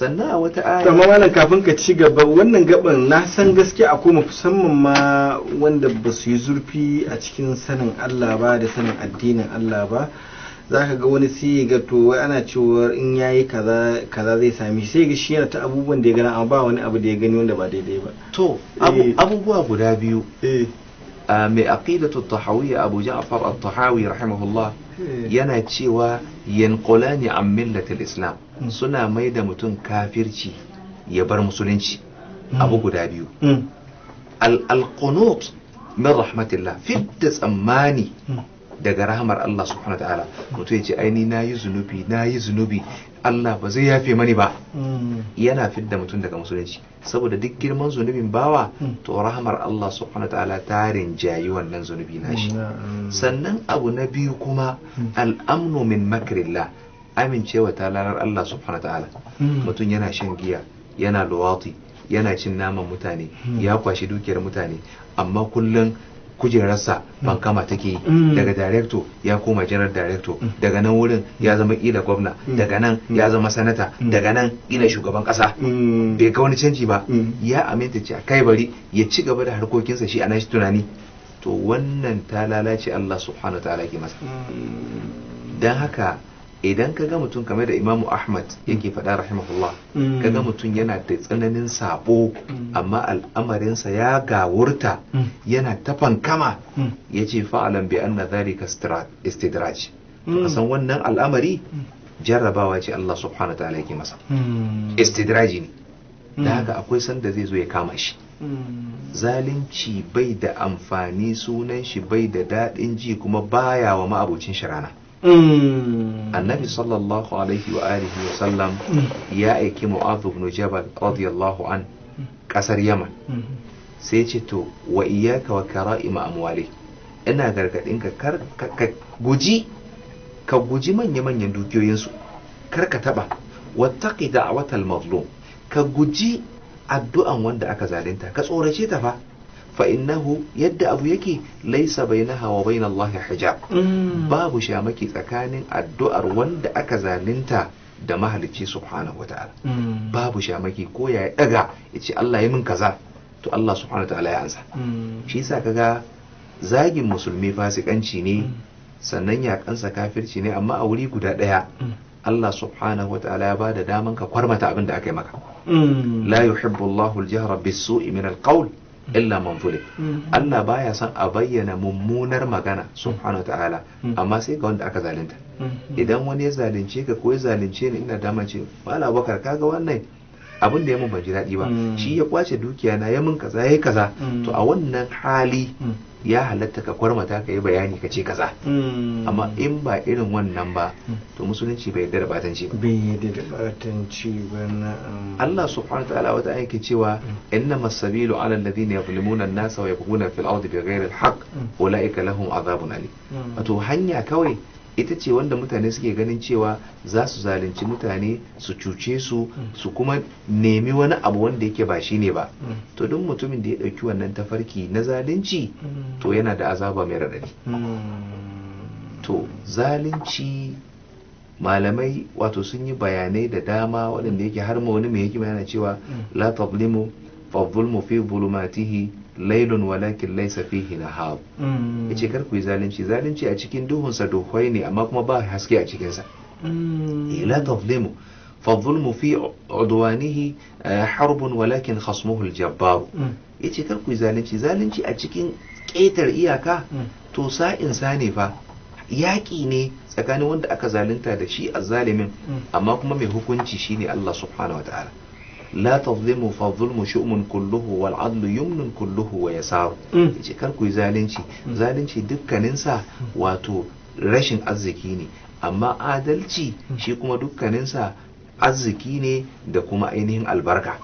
sannan a wata aya amma malam kafin ka ci gaba wannan gaban na san gaske akwai musamman ma wanda ba su yi zurfi a cikin sanin Allah ba da sanin addinin Allah ba za ka ga wani sai ga to ana cewa in yayi kaza kaza zai sami sai ga shi yana ta abubuwan da ya gani amma ba wani abu da ya gani wanda ba daidai ba to eh. abubuwa guda biyu eh. mai aqidatu tahawiyya abu ja'far at-tahawi rahimahullah yana cewa yanqulani an millatil islam suna mai da mutum kafirci ya bar musulunci abu guda biyu al-qunut min rahmatillah fidda tsammani daga rahamar Allah subhanahu ta'ala mutum ya ce aini na yi zunubi na yi zunubi Allah ba zai yafe mani ba mm. yana fidda mutum daga musulunci saboda duk girman zunubin bawa mm. to rahamar Allah subhanahu ta'ala ta rinjayi wannan zunubi na shi mm, sannan abu na biyu kuma al'amnu min makrillah amincewa ta lanar Allah subhanahu ta'ala mutum yana shan giya yana luwati yana cin naman mutane ya kwashi dukiyar mutane amma kullum kujerarsa mm. fankama take yi. Mm. daga darekto ya koma janar darekto mm. daga nan wurin ya zama ila gwamna daga nan ya zama sanata daga nan ina shugaban kasa bai ga wani canji ba ya aminta ce kai bari ya ci gaba da harkokinsa shi a nashi tunani to wannan ta lalace Allah subhanahu wa ta'ala ke masa dan haka idan ka ga mutum kamar da imamu ahmad yake faɗa rahimahullah ka ga mutum yana da tsananin sabo amma al'amarinsa ya gawurta yana tafan kama ya ce fa'alan bi anna dhalika istidraj ka san wannan al'amari jarrabawa ce Allah subhanahu ta'ala yake masa istidraji ne da haka akwai sanda zai zo ya kama shi zalunci bai da amfani sunan shi bai da daɗin ji kuma baya wa ma'abocin shi rana Hmm. annabi sallallahu alaihi wa alihi wa sallam hmm. ya aiki mu'adh ibn jabal radiyallahu an hmm. kasar yaman sai ce to wa iyyaka wa kara'ima amwali ina gargadin ka ka guji ka guji manya manyan dukiyoyinsu kar ka taba a da'watal mazlum ka guji addu'an wanda aka zalunta ka tsorace ta fa fa innahu yadda abu yake laisa bainaha wa bain Allah hijab mm. babu shamaki tsakanin addu'ar wanda aka zalunta da mahalicci subhanahu wataala mm. babu shamaki ko ya daga yace Allah ya min kaza to Allah subhanahu wataala ya ansa mm. shi yasa kaga zagin musulmi fasikanci ne sannan yakansa kafirci ne amma a wuri guda daya Allah subhanahu wataala ya bada daman ka kwarmata abin da aka yi maka la yuhibbu Allahu jahra bis-su'i min al-qawl illa man zulim Allah baya son a bayyana mummunar magana subhanahu ta'ala amma sai ga wanda aka zalunta idan wani ya zalunce ka ko ya zalunce ni ina dama ce mala bakar kaga wannan abin da ya mun ban ji daɗi ba mm. shi ya kwace dukiya na ya mun kaza yayi kaza mm. to a wannan hali mm. ya halatta ka kwarmata ka yi bayani ka ce kaza hmm. amma in ba irin wannan ba hmm. to musulunci bai yadda da batanci ba bai yadda da batanci ba Allah subhanahu wataala wata aiki cewa hmm. inna masabilu ala alladhina yuzlimuna an-nasa wa yabghuna fil ardi bighayri al-haqq ulaika lahum adhabun alim wato hanya kawai ita ce wanda mutane suke ganin cewa za su zalunci mutane su cuce su mm. su kuma nemi wani abu wanda yake ba shi ne ba mm. to duk mutumin da ya ɗauki wannan tafarki na zalunci mm. to yana da azaba mai raɗaɗi to zalunci malamai wato sun yi bayanai da dama waɗanda yake har ma wani mai hikima yana cewa la tablimu fa fi zulumatihi lailun walakin laisa fihi nahab mm. yace kar ku yi zalunci zalunci a cikin duhunsa duhwai ne amma kuma ba haske a cikin sa mm. eh, la fa فالظلم fi udwanihi حرب eh, walakin khasmuhu aljabbar mm. yace kar ku zalunci zalunci a cikin ƙetar iyaka to sa'in Sani fa yaƙi ne tsakanin wanda aka zalunta da shi a zalimin amma kuma mai hukunci shine Allah subhanahu wa ta'ala la zai fa zulmu shu'mun kulluhu wal adlu yumnun kulluhu wa yasaru yace kar ku yi zalunci zalunci dukkaninsa wato rashin arziki ne amma adalci shi kuma dukkaninsa arziki ne da kuma ainihin albarka